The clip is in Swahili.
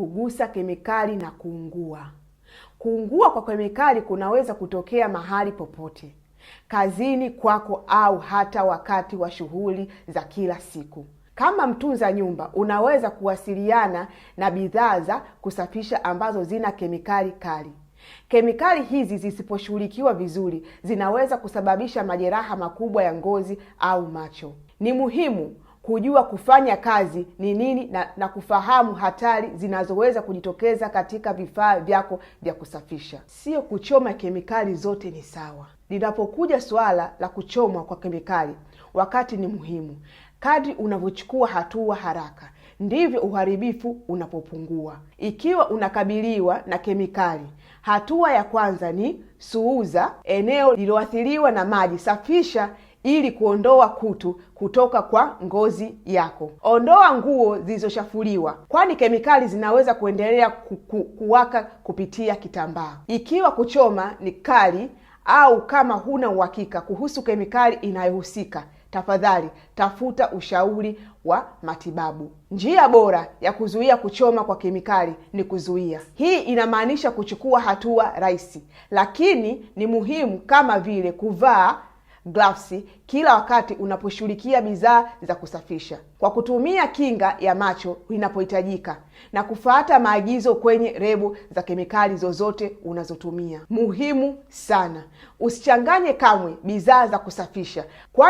kugusa kemikali na kuungua. Kuungua kwa kemikali kunaweza kutokea mahali popote, kazini kwako, au hata wakati wa shughuli za kila siku. Kama mtunza nyumba, unaweza kuwasiliana na bidhaa za kusafisha ambazo zina kemikali kali. Kemikali hizi zisiposhughulikiwa vizuri, zinaweza kusababisha majeraha makubwa ya ngozi au macho. Ni muhimu kujua kufanya kazi ni nini na, na kufahamu hatari zinazoweza kujitokeza katika vifaa vyako vya kusafisha. Sio kuchoma kemikali zote ni sawa. Linapokuja suala la kuchomwa kwa kemikali, wakati ni muhimu. Kadri unavyochukua hatua haraka ndivyo uharibifu unapopungua. Ikiwa unakabiliwa na kemikali, hatua ya kwanza ni suuza eneo lililoathiriwa na maji, safisha ili kuondoa kutu kutoka kwa ngozi yako. Ondoa nguo zilizoshafuliwa, kwani kemikali zinaweza kuendelea kuku, kuwaka kupitia kitambaa. Ikiwa kuchoma ni kali au kama huna uhakika kuhusu kemikali inayohusika, tafadhali tafuta ushauri wa matibabu. Njia bora ya kuzuia kuchoma kwa kemikali ni kuzuia. Hii inamaanisha kuchukua hatua rahisi, lakini ni muhimu kama vile kuvaa gloves kila wakati unaposhughulikia bidhaa za kusafisha kwa kutumia kinga ya macho inapohitajika na kufuata maagizo kwenye rebo za kemikali zozote unazotumia. Muhimu sana, usichanganye kamwe bidhaa za kusafisha kwa